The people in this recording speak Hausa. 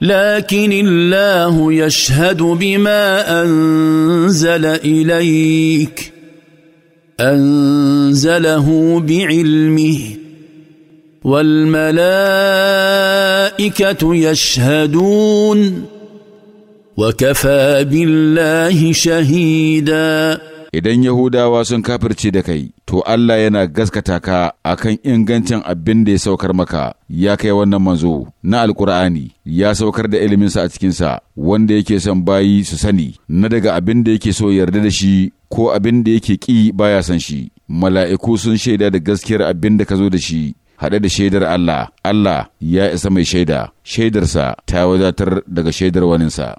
لكن الله يشهد بما انزل اليك انزله بعلمه والملائكه يشهدون وكفى بالله شهيدا اذا يهودا واسن كابرتي دكي to Allah yana gaskata ka a kan ingancin abin da ya saukar maka ya kai wannan manzo na alkur'ani ya saukar da iliminsa a cikinsa wanda yake son bayi su sani na daga abin da yake so yarda da shi ko abin da yake ƙi baya son shi mala'iku sun shaida da gaskiyar abin da ka zo da shi haɗe da shaidar Allah Allah ya isa mai shaida shaidarsa ta wadatar daga shaidar waninsa